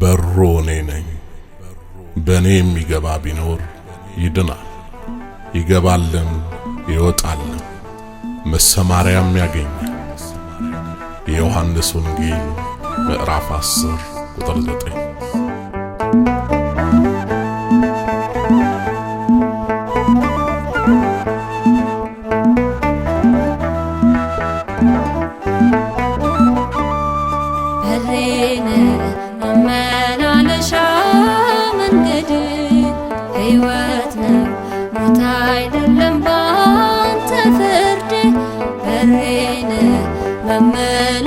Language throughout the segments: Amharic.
በሮ እኔ ነኝ። በእኔ የሚገባ ቢኖር ይድናል፣ ይገባልም ይወጣልም መሰማሪያም ያገኛል። የዮሐንስ ወንጌል ምዕራፍ 10 ቁጥር 9 በሬን መመላለሻ መንገድ ሕይወት ነው ሞት አይደለም ባንተ ፍርድ በሬን መመላ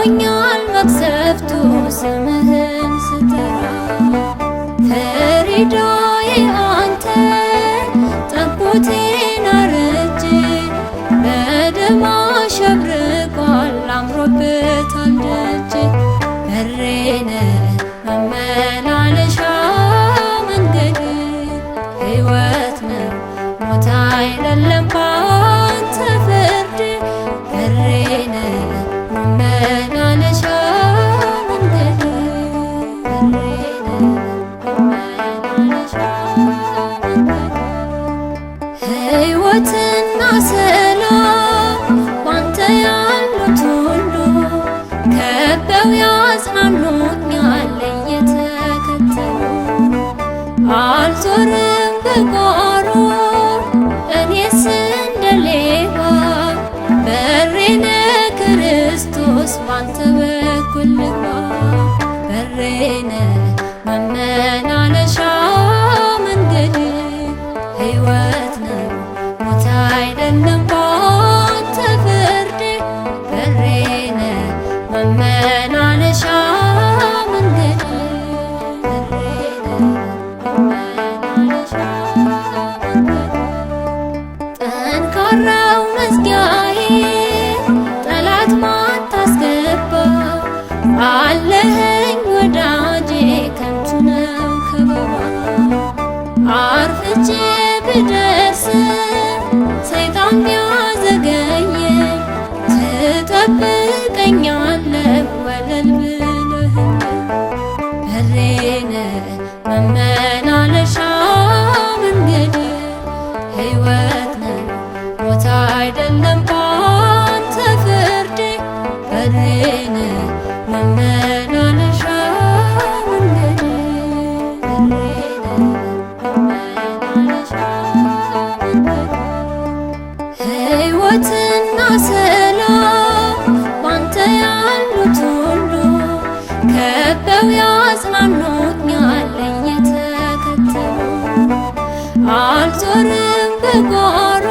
አርቆኛል መቅሰፍቱ ስምህን ስጠራ ፈሪዳዬ አንተ ጠቦቴን አረጀ በደም አሸብርቋል አምሮበታል ደጄ በሬነ መመላለሻ መንገድ ሕይወት ነው ሞት አይደለም ሆነው ያለ እየተከተሉ አልዞርም በጓሮ እኔስ እንደሌባ በሬነ ክርስቶስ ባንተ በኩል ልባ በሬነ መመነ አለኝ ወዳጄ ከንቱ ነው ከበባ አርፍቼ ብደርስ ሰይጣን ወለል ብለህ መመና ሕይወትና ሰላም ባንተ ያሉት ሁሉ ከበው ያጽናኑኛል እየተከተሉ አልዞርም በጓሮ